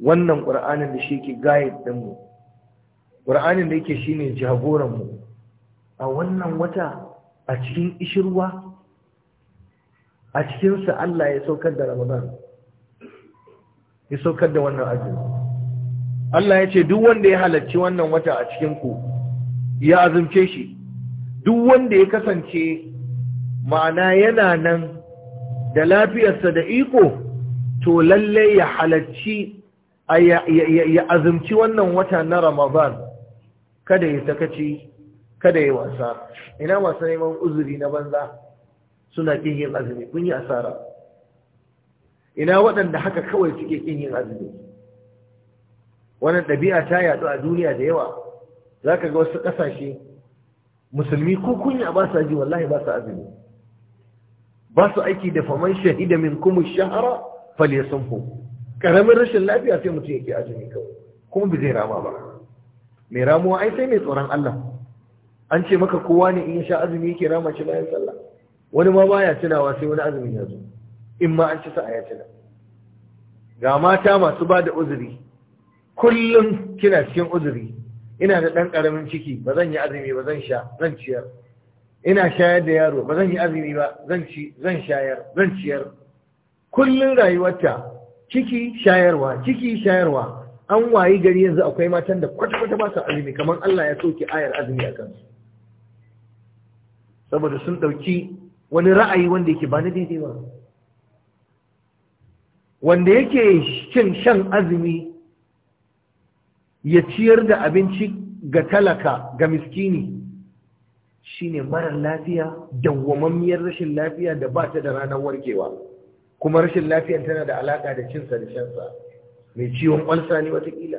wannan ƙur'anin da shi ke gayet ɗinmu ƙur'anin da yake shi ne jagoranmu a wannan wata a cikin ishirwa a cikinsa Allah ya saukar da ramadan ya saukar da wannan ajin Allah ya ce duk wanda ya halarci wannan wata a cikinku ya azumce shi duk wanda ya kasance ma'ana yana nan da lafiyarsa da iko to lalle ya halarci ya azumci wannan wata na Ramadan kada ya sakaci kada ya wasa ina masu neman uzuri na banza suna kin yin azumi kun yi asara ina waɗanda haka kawai suke kin yin azumi wannan ɗabi'a ta yaɗu a duniya da yawa za ka ga wasu ƙasashe musulmi ko kunya ba sa ji wallahi ba sa azumi ba su aiki da faman shahida min kuma shahara fal yasumhu karamin rashin lafiya sai mutum yake azumi kawai kuma bai zai rama ba mai ramuwa ai sai mai tsoron Allah an ce maka kowa ne in sha azumi yake rama shi bayan sallah wani ma baya tunawa sai wani azumi ya zo in ma an ci sa'a ya tuna ga mata masu ba da uzuri kullum kina cikin uzuri ina da ɗan ƙaramin ciki ba zan yi azumi ba zan sha zan ciyar ina shayar da yaro ba zan yi azumi ba zan ci zan shayar zan ciyar kullum rayuwarta ciki shayarwa ciki shayarwa an wayi gari yanzu akwai matan da kwata-kwata ba su azumi kamar Allah ya soke ayar azumi a kansu saboda sun ɗauki wani ra'ayi wanda yake ba na daidai ba wanda yake cin shan azumi ya ciyar da abinci ga talaka ga miskini shine marar lafiya dawwamammiyar rashin lafiya da ba ta da ranar warkewa kuma rashin lafiyar tana da alaka da cinsa da shansa mai ciwon ƙwansa ne watakila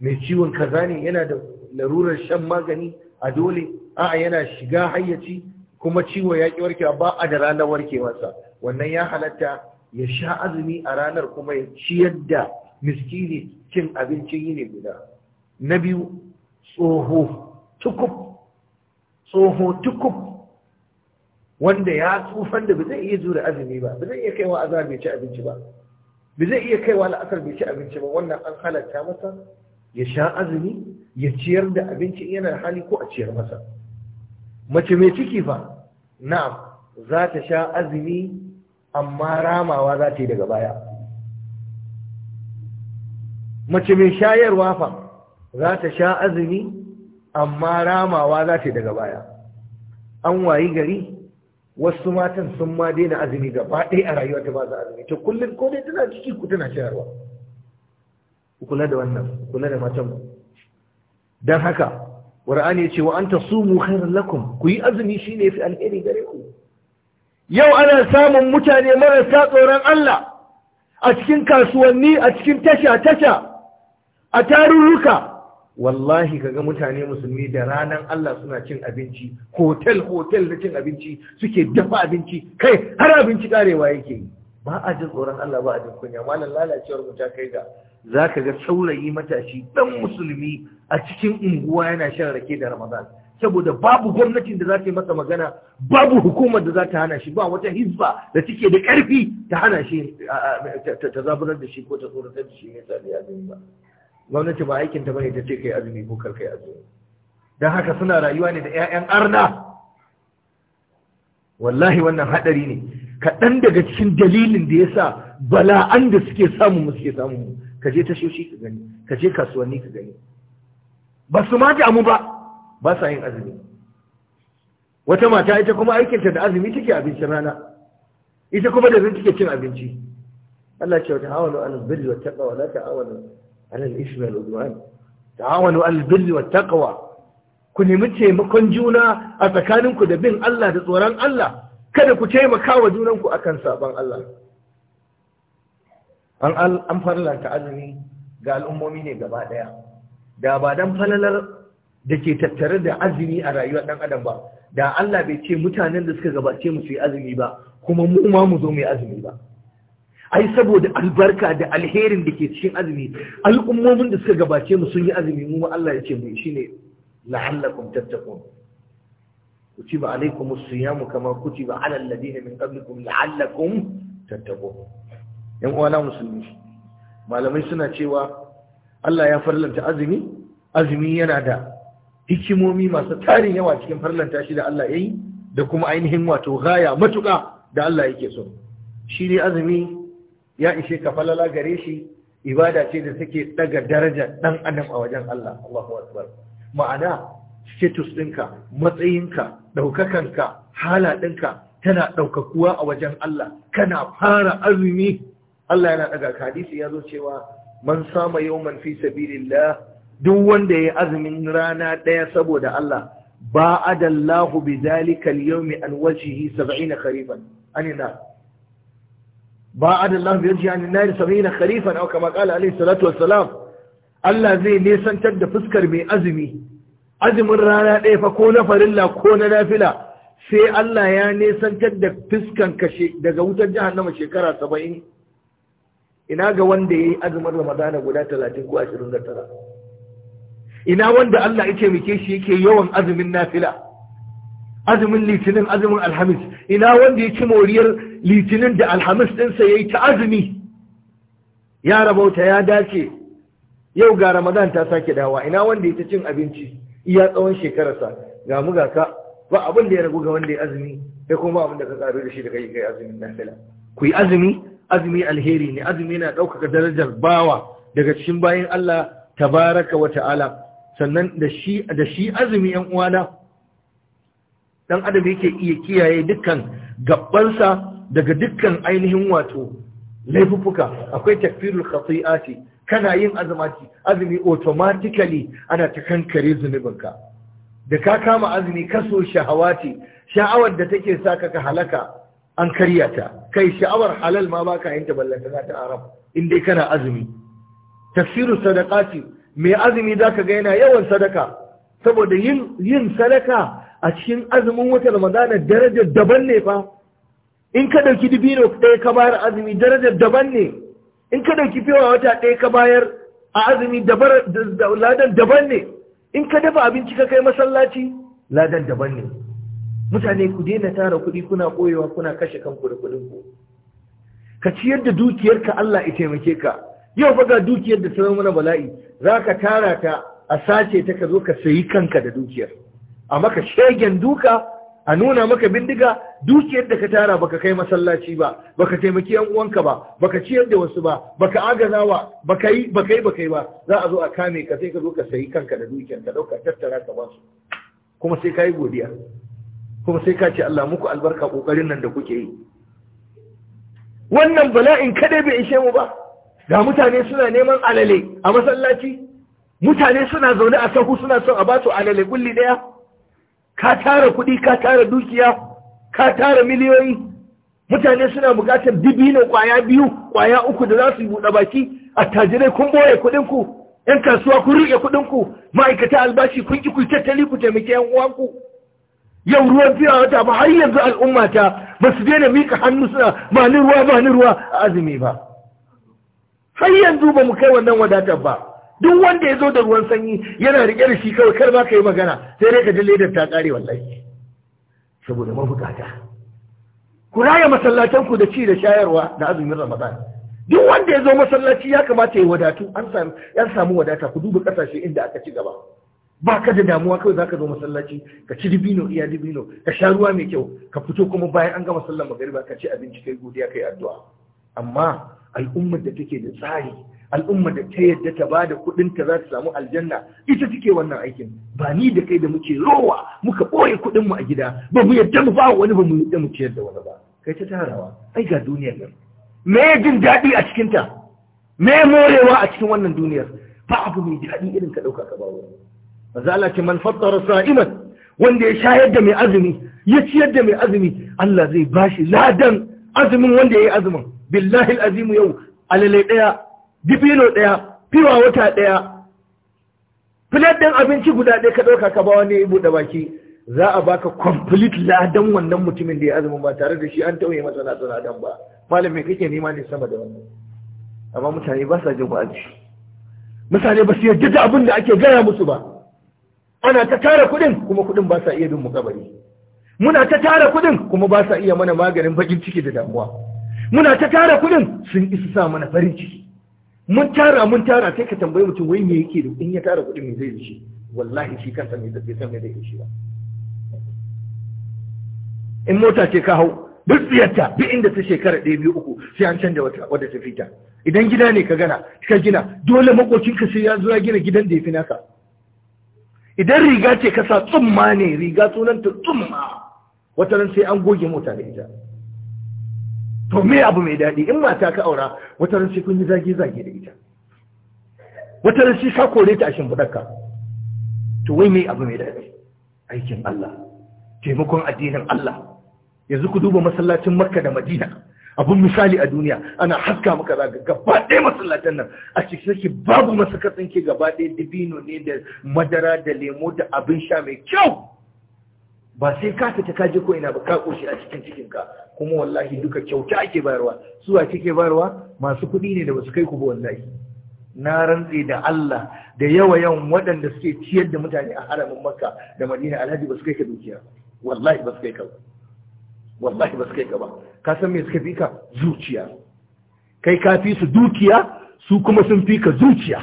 mai ciwon kaza ne yana da larurar shan magani a dole a'a yana shiga hayyaci kuma ciwo ya ƙi warkewa ba a da ranar warkewarsa wannan ya halatta ya sha azumi a ranar kuma ya ciyar da miskini cin abincin ne guda na biyu tsoho tukub tsoho tukub wanda ya tsufan da ba zai iya jure azumi ba ba zai iya kaiwa azhar bai ci abinci ba ba zai iya kaiwa la'asar bai ci abinci ba wannan an halarta masa ya sha azumi ya ciyar da abinci yana hali ko a ciyar masa mace mai ciki fa na'am za ta sha azumi amma ramawa za ta yi daga baya mace mai shayarwa fa za ta sha azumi amma ramawa za ta yi daga baya an wayi gari wasu matan sun ma daina azumi gaba ɗaya a rayuwa ta ba su azumi to kullum ko dai tana ciki ku tana shayarwa ku kula da wannan ku kula da matan ku dan haka qur'ani ya ce wa anta sumu khairan lakum ku yi azumi shine fi alheri gare ku yau ana samun mutane marasa tsoron Allah a cikin kasuwanni a cikin tasha tasha a tarurruka wallahi kaga mutane musulmi da ranar Allah suna cin abinci hotel hotel na cin abinci suke dafa abinci kai har abinci karewa yake yi ba a jin tsoron Allah ba a jin kunya malam lalacewar mu ta kai ga zaka ga saurayi matashi dan musulmi a cikin unguwa yana shan rake da Ramadan saboda babu gwamnatin da za ta yi masa magana babu hukumar da za ta hana shi ba wata hizba da take da karfi ta hana shi ta zaburar da shi ko ta tsoratar da shi ne sa da ya ba gwamnati ba aikinta bane ta ce kai azumi ko kar kai azumi don haka suna rayuwa ne da 'ya'yan arna wallahi wannan haɗari ne kaɗan daga cikin dalilin da ya sa bala'an da suke samu mu suke samu mu ka je shoshi ka gani ka je kasuwanni ka gani ba su ma damu ba ba sa yin azumi wata mata ita kuma aikinta da azumi take abincin rana ita kuma da zan take cin abinci Allah ce wata hawalu alal birri wata taqwa wa la ta'awalu على الإثم والعدوان تعاونوا على البر والتقوى ku nemi taimakon juna a tsakaninku da bin Allah da tsoron Allah kada ku taimaka wa junanku akan sabon Allah an farlanta azumi ga al'ummomi ne gaba daya da ba dan falalar da ke tattare da azumi a rayuwar dan adam ba da Allah bai ce mutanen da suka gabace mu su yi azumi ba kuma mu ma mu zo mu yi azumi ba ai saboda albarka da alherin da ke cikin azumi al'ummomin da suka gabace mu sun yi azumi mu Allah ya ce mu shine la'allakum tattaqun kutiba alaykum as-siyam kama kutiba ala alladhina min qablikum la'allakum tattaqun yan uwana musulmi malamai suna cewa Allah ya farlanta azumi azumi yana da hikimomi masu tarin yawa cikin farlanta shi da Allah yayi da kuma ainihin wato gaya matuƙa da Allah yake so shi ne azumi ya ishe ka falala gare shi ibada ce da take daga darajar dan adam a wajen Allah Allahu akbar ma'ana status ɗinka matsayinka ɗaukakanka hala ɗinka tana ɗaukakuwa a wajen Allah kana fara azumi Allah yana daga hadisi ya zo cewa man sama yawman fi sabilillah duk wanda ya azumin rana ɗaya saboda Allah ba adallahu bi zalika al-yawmi an wajhihi 70 kharifan anina ba'ad Allah bi yaj'al anin nar sabina Khalifa aw kama qala alayhi salatu wassalam Allah zai nesantar da fuskar mai azumi azumin rana ɗaya fa ko na farilla ko na nafila sai Allah ya nesantar da fuskan kashe daga wutar jahannama shekara saba'in ina ga wanda ya yi azumin ramadana guda talatin ko ashirin da tara ina wanda Allah ya taimake shi yake yawan azumin nafila azumin litinin azumin alhamis ina wanda ya ci moriyar litinin da alhamis ɗinsa ya yi ta azumi ya rabauta ya dace yau ga ramadan ta sake dawa ina wanda ya ta cin abinci iya tsawon shekararsa ga mu ga ka ba abin da ya ragu ga wanda ya azumi Sai kuma abin da ka tsaro da shi da kai kai azumin nafila ku yi azumi azumi alheri ne azumi yana ɗaukaka darajar bawa daga cikin bayan Allah tabaraka wa ta'ala sannan da shi da shi azumi yan uwana dan adam yake iya kiyaye dukkan gabbansa daga dukkan ainihin wato laifuffuka akwai takfirul khati'ati kana yin azumati azumi automatically ana ta kankare zunubinka da ka kama azumi kaso shahawati sha'awar da take saka ka halaka an karya ta kai sha'awar halal ma baka yin ta ballanta za ta arab in dai kana azumi tafsiru sadaqati mai azumi zaka ga yana yawan sadaka saboda yin yin sadaka a cikin azumin wata ramadana darajar daban ne fa in ka ɗauki dibino ɗaya ka bayar azumi darajar daban ne in ka ɗauki fewa wata ɗaya ka bayar a azumi ladan daban ne in ka dafa abinci ka kai masallaci ladan daban ne mutane ku daina tara kuɗi kuna koyewa kuna kashe kanku da kuɗin ku ka ciyar da dukiyarka Allah ya taimake ka yau fa ga dukiyar da sanar mana bala'i za ka tara ta a sace ta ka zo ka sayi kanka da dukiyar a maka shegen duka a nuna maka bindiga dukiyar da ka tara baka kai masallaci ba baka taimaki yan uwanka ba baka ciyar da wasu ba baka agazawa baka yi baka yi baka yi ba za a zo a kame ka sai ka zo ka sayi kanka da dukiyar ka dauka tattara ka ba su kuma sai ka yi godiya kuma sai ka ce Allah muku albarka kokarin nan da kuke yi wannan bala'in kadai bai ishe mu ba ga mutane suna neman alale a masallaci mutane suna zaune a sahu suna son a ba su alale kulli daya ka tara kuɗi ka tara dukiya ka tara miliyoyi mutane suna buƙatar dibino kwaya biyu kwaya uku da za su buɗe baki attajirai kun boye kuɗinku ‘yan kasuwa kun riƙe kuɗinku ma'aikata albashi kun ki ku tattali ku taimake ‘yan uwanku yau ruwan fiya wata ba har yanzu al'umma ta ba su daina mika hannu suna ba ni ruwa ba ni ruwa a azumi ba har yanzu ba mu kai wannan wadatar ba duk wanda ya zo da ruwan sanyi yana riƙe da shi kawai kar ba ka yi magana sai dai ka ji ledar ta ƙare wallahi saboda mabukata ku raya masallatanku da ci da shayarwa da azumin ramadan duk wanda ya zo masallaci ya kamata ya wadatu an samu ya samu wadata ku duba kasashe inda aka ci gaba ba ka da damuwa kawai zaka zo masallaci ka ci dibino iya dibino ka sha ruwa mai kyau ka fito kuma bayan an gama sallar magariba ka ci abinci kai godiya kai addu'a amma al'ummar da take da tsari al'umma da ta yadda ta ba da kuɗinta za ta samu aljanna ita take wannan aikin ba ni da kai da muke rowa muka ɓoye kuɗinmu a gida ba mu yadda mu ba wani ba mu yadda mu ciyar da wani ba kai ta tarawa ai ga duniyar nan me jin daɗi a cikinta me morewa a cikin wannan duniyar ba abu mai daɗi irin ka ɗauka ka ba wani maza Allah ce man fattara sa'iman wanda ya shayar da mai azumi ya ciyar da mai azumi Allah zai bashi ladan azumin wanda ya yi azumin billahi azimu yau alalai ɗaya dibino ɗaya fiwa wata ɗaya filet ɗin abinci guda ɗaya ka ɗauka ka ba wani ya buɗe baki za a baka complete ladan wannan mutumin da ya azumin ba tare da shi an tauye masa nasu ladan ba malam mai kake nema ne sama da wannan amma mutane ba sa jin wa'azi mutane ba su yarda da abin da ake gaya musu ba ana ta tara kuɗin kuma kuɗin ba sa iya bin mu kabari muna ta tara kuɗin kuma ba sa iya mana maganin bakin ciki da damuwa muna ta tara kuɗin sun isa sa mana farin ciki mun tara mun tara sai ka tambayi mutum wai me yake da in ya tara kuɗin me zai yi shi wallahi shi kansa me zai san me zai yi shi ba in mota ce ka hau duk tsiyarta duk inda ta shekara ɗaya biyu uku sai an canja wata wadda ta fita idan gida ne ka gana ka gina dole makocinka sai ya zo ya gina gidan da ya fi naka idan riga ce ka sa tsumma ne riga sunanta tsumma wata nan sai an goge mota da ita to me abu mai daɗi in mata ka aura wata rashi kun yi zage zage da ita wata rashi sai ka kore ta a shimfiɗarka to wai me abu mai daɗi aikin Allah taimakon addinin Allah yanzu ku duba masallacin Makka da Madina abun misali a duniya ana haska maka zaga gaba ɗaya masallatan nan a cikin sake babu masakatsin ke gaba ɗaya dibino ne da madara da lemo da abin sha mai kyau ba sai ka fita ka je ko ina ba ka koshi a cikin cikinka kuma wallahi duka kyauta ake bayarwa su a cike bayarwa masu kuɗi ne da basu kai ku ba wallahi na rantse da Allah da yawa yawan waɗanda suke ciyar da mutane a haramin Makka da Madina alhaji basu kai ka dukiya wallahi basu kai ka ba wallahi basu kai ka ba ka san me suka fi ka zuciya kai ka fi su dukiya su kuma sun fi ka zuciya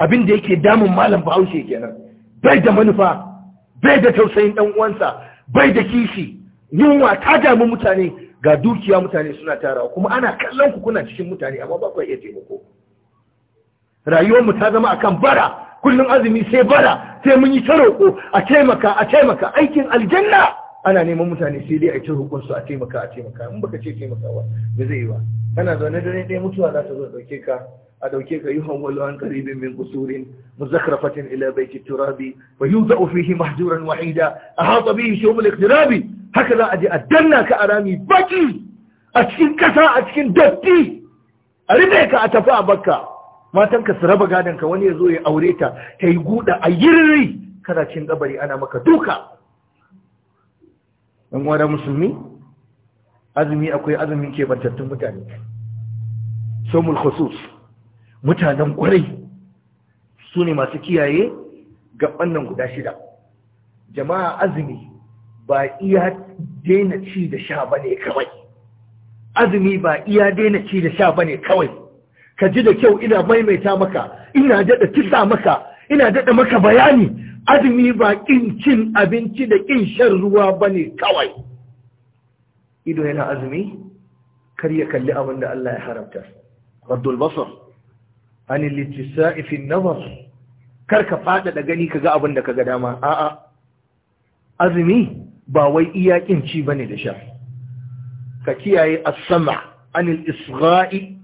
abin da yake damun malam Bahaushe kenan bai da manufa bai da tausayin ɗan uwansa bai da kishi yunwa ta damu mutane ga dukiya mutane suna tarawa kuma ana kallon ku kuna cikin mutane amma ba ku iya taimako rayuwar mu ta zama akan bara kullum azumi sai bara sai mun yi ta roƙo a taimaka a taimaka aikin aljanna ana neman mutane sai dai a ci hukun su a taimaka a taimaka in baka ce taimaka ba ba zai yi ba kana zaune dare ɗaya mutuwa za ta zo dauke ka a dauke ka yuhan walu an qaribin min kusurin muzakrafatin ila baiti turabi wa yuzau fihi mahjuran wahida ahata bihi shum al-iqtirab haka za a je a danna ka a rami baki a cikin kasa a cikin datti a rufe ka a tafi a bakka matanka su raba gadon ka wani ya zo ya aure ta ta yi guda a yirri kana cin gabari ana maka duka in wani musulmi azumi akwai azumin kebantattun mutane somul khusus mutanen kwarai su ne masu kiyaye gaban nan guda shida jama'a azumi ba iya daina ci da sha bane kawai azumi ba iya daina ci da sha bane kawai ka ji da kyau ina maimaita maka ina jada tisa maka ina daɗa maka bayani azumi ba ƙin cin abinci da ƙin shan ruwa ba ne kawai ido yana azumi kar ya kalli abin da Allah ya haramta raddul basar an litisa'i fi nazar kar ka fada da gani kaga abin da kaga dama a'a azumi ba wai iya ƙin ci bane da sha ka kiyaye as-sama' an al-isra'i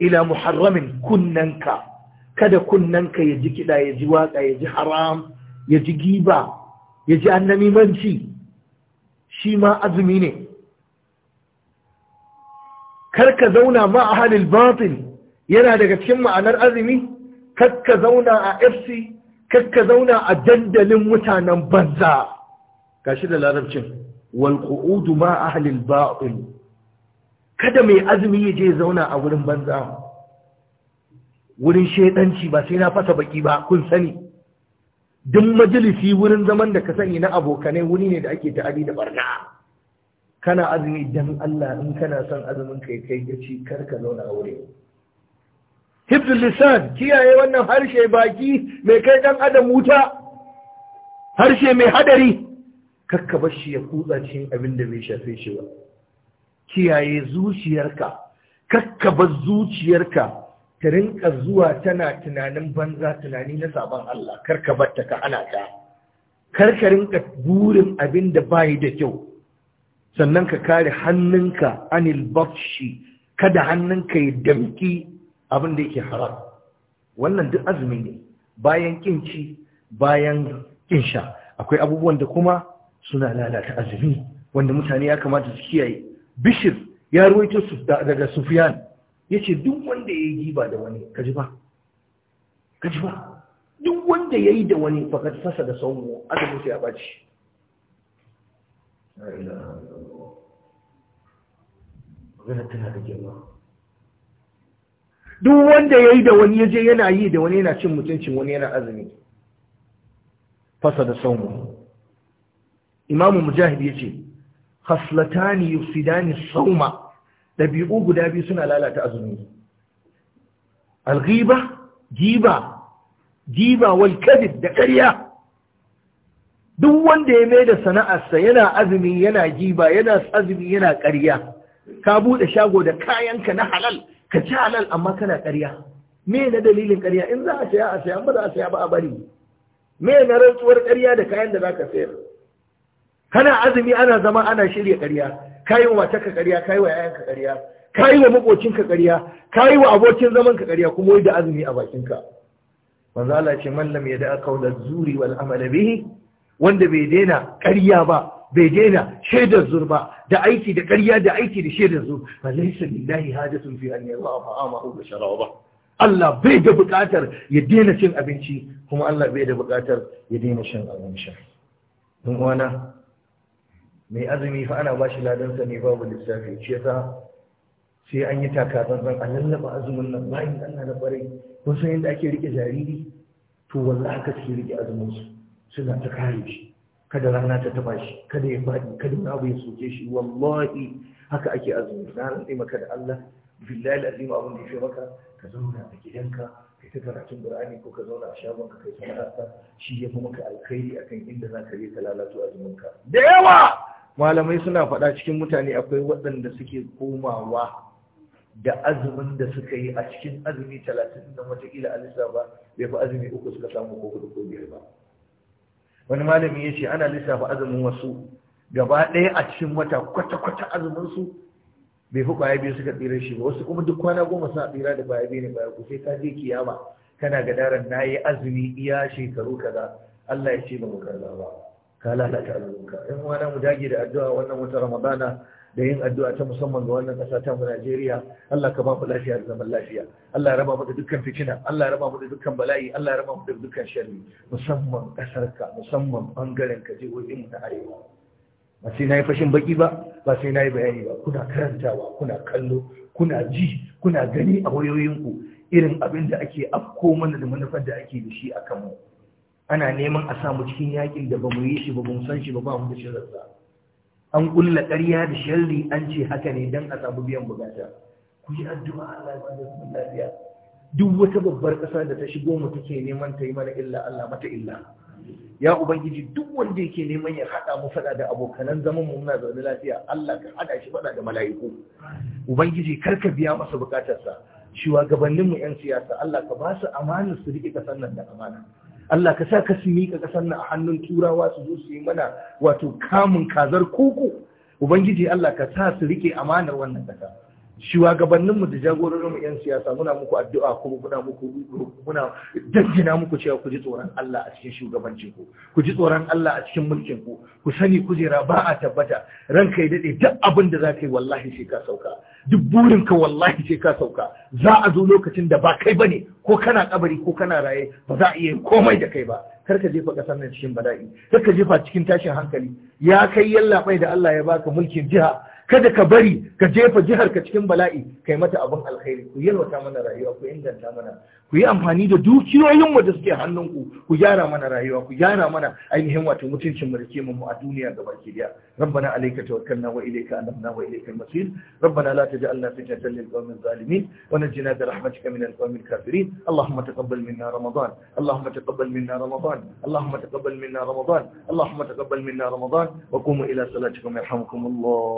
ila muharramin kunnanka kada kunnanka ya ji kiɗa ya ji waƙa ya ji haram ya ji giba ya ji annamimanci shi ma azumi ne kar ka zauna ma a halin batil yana daga cikin ma'anar azumi kar ka zauna a fc kar ka zauna a dandalin mutanen banza gashi da larabcin wal ma a halin batil kada mai azumi ya je zauna a wurin banza wurin shaidanci ba sai na fasa baki ba kun sani duk majalisi wurin zaman da ka sani na abokanai wuri ne da ake ta'adi da barna kana azumi dan Allah in kana son azumin kai kai gaci kar ka zauna a wuri hibdul lisan kiyaye wannan harshe baki mai kai dan adam wuta harshe mai hadari kakka bar shi ya kutsa cikin abin da bai shafe shi ba kiyaye zuciyarka kakka bar zuciyarka ta rinka zuwa tana tunanin banza tunani na sabon Allah karka batta ka ana ta karka rinka burin abin da bayi da kyau sannan ka kare hannunka anil bakshi kada hannunka ya damki abin da yake haram wannan duk azumi ne bayan ƙinci, bayan kinsha akwai abubuwan da kuma suna lalata azumi wanda mutane ya kamata su kiyaye bishir ya ruwaito daga sufyan ya ce duk wanda ya yi giba da wani kaji ba kaji ba duk wanda ya yi da wani fakat fasa da sauwo aka mutu ya ɓaci tana da girma duk wanda ya yi da wani ya je yana yi da wani yana cin mutuncin wani yana azumi fasa da sauwo imamu mujahid ya ce haslatani yufsidani sauma ɗabi'u guda biyu suna lalata azumi alghiba giba giba wal kadib da ƙarya duk wanda ya mai da sana'arsa yana azumi yana giba yana azumi yana ƙarya ka buɗe shago da kayanka na halal ka ci halal amma kana ƙarya me na dalilin ƙarya in za a saya a saya ba za a saya ba a bari me na rantsuwar ƙarya da kayan da za ka sayar kana azumi ana zama ana shirya ƙarya kayi wa matarka ƙarya kayi wa yayanka ƙarya kayi wa makocinka ƙarya kayi wa abokin zaman ka ƙarya kuma wai da azumi a bakinka manzo Allah ce man lam yada qawla zuri wal amal bihi wanda bai daina ƙarya ba bai daina shaidar zur ba da aiki da ƙarya da aiki da shaidar zur fa laysa lillahi hajatun fi an yadha fa'amahu wa sharaba Allah bai da buƙatar ya daina cin abinci kuma Allah bai da buƙatar ya daina shan abinci sha. uwana, mai azumi fa ana bashi ladansa ne babu lissafi shi yasa sai an yi taka tsantsan a lallaba azumin nan bayan Allah na farai, kun san yadda ake rike jariri to wallahi haka suke rike azumin su suna ta kare shi kada rana ta taba shi kada ya faɗi kada wani abu soke shi wallahi haka ake azumi na rantsi maka da Allah billahi azim abin da ya maka ka zauna a gidanka kai ta karatun Qur'ani ko ka zauna a shagon ka kai sana'arka shi ya fi maka alkhairi akan inda za ka je ka lalato azumin ka da yawa malamai suna faɗa cikin mutane akwai waɗanda suke komawa da azumin da suka yi a cikin azumi talatin da wataƙila a lissafa bai fi azumi uku suka samu ko kudu ko biyar ba wani malami ya ce ana lissafa azumin wasu gaba ɗaya a cikin wata kwata-kwata su bai fi ƙwaya biyu suka tsira shi ba wasu kuma duk kwana goma suna tsira da ƙwaya biyu ne ba ku sai ka je kiyama kana ga daren na yi azumi iya shekaru kaza Allah ya ce ba mu karɓa ba ka lalata alwuka in wani mu dage da addu'a wannan wata ramadana da yin addu'a ta musamman ga wannan ƙasa ta Najeriya Allah ka ba mu lafiya da zaman lafiya Allah ya raba mu da dukkan fitina Allah ya raba mu da dukkan bala'i Allah ya raba mu da dukkan sharri musamman ƙasarka musamman bangaren ka jihohin mu na arewa ba sai nayi fashin baki ba ba sai nayi bayani ba kuna karantawa kuna kallo kuna ji kuna gani a wayoyinku irin abin da ake afko mana da manufar da ake da shi a kanmu ana neman a samu cikin yakin da ba mu yi shi ba mu san shi ba ba mu da shirinsa an kulla ƙarya da sharri an ce haka ne don a samu biyan bugata ku yi addu'a Allah ya bada mu lafiya duk wata babbar ƙasa da ta shigo mu take neman ta yi mana illa Allah mata illa ya ubangiji duk wanda yake neman ya hada mu faɗa da abokanan zaman mu muna zaune lafiya Allah ka haɗa shi faɗa da mala'iku ubangiji kar ka biya masa bukatarsa shugabanninmu 'yan siyasa Allah ka ba su amanar su riƙe ƙasar nan da amana Allah ka sa ka su miƙa ƙasar nan a hannun turawa su zo su yi mana wato kamun kazar kuku ubangiji Allah ka sa su riƙe amanar wannan ƙasa shugabanninmu da jagororinmu 'yan siyasa muna muku addu'a kuma muna muku muna dangina muku cewa ku ji tsoron Allah a cikin shugabancin ku ku ji tsoron Allah a cikin mulkin ku ku sani kujera ba a tabbata ranka ya dade duk abin da zaka yi wallahi sai ka sauka duk burin ka wallahi sai ka sauka za a zo lokacin da ba kai bane ko kana kabari ko kana raye ba za a iya komai da kai ba kar ka jefa kasar nan cikin bala'i kar ka jefa cikin tashin hankali ya kai yallaɓai da Allah ya baka mulkin jiha kada ka bari ka jefa jihar ka cikin bala'i kai mata abin alkhairi ku yalwata mana rayuwa ku inganta mana ku yi amfani da dukiyoyin mu da suke hannunku ku gyara mana rayuwa ku gyara mana ainihin wato mutuncin mu da ke mu a duniya ga ki daya rabbana alayka tawakkalna wa ilayka anabna wa ilayka al-masir rabbana la taj'alna fitnatan lil qawmin zalimin wa najina bi rahmatika min al-qawmil kafirin allahumma taqabbal minna ramadan allahumma taqabbal minna ramadan allahumma taqabbal minna ramadan allahumma taqabbal minna ramadan wa qumu ila salatikum yarhamukum allah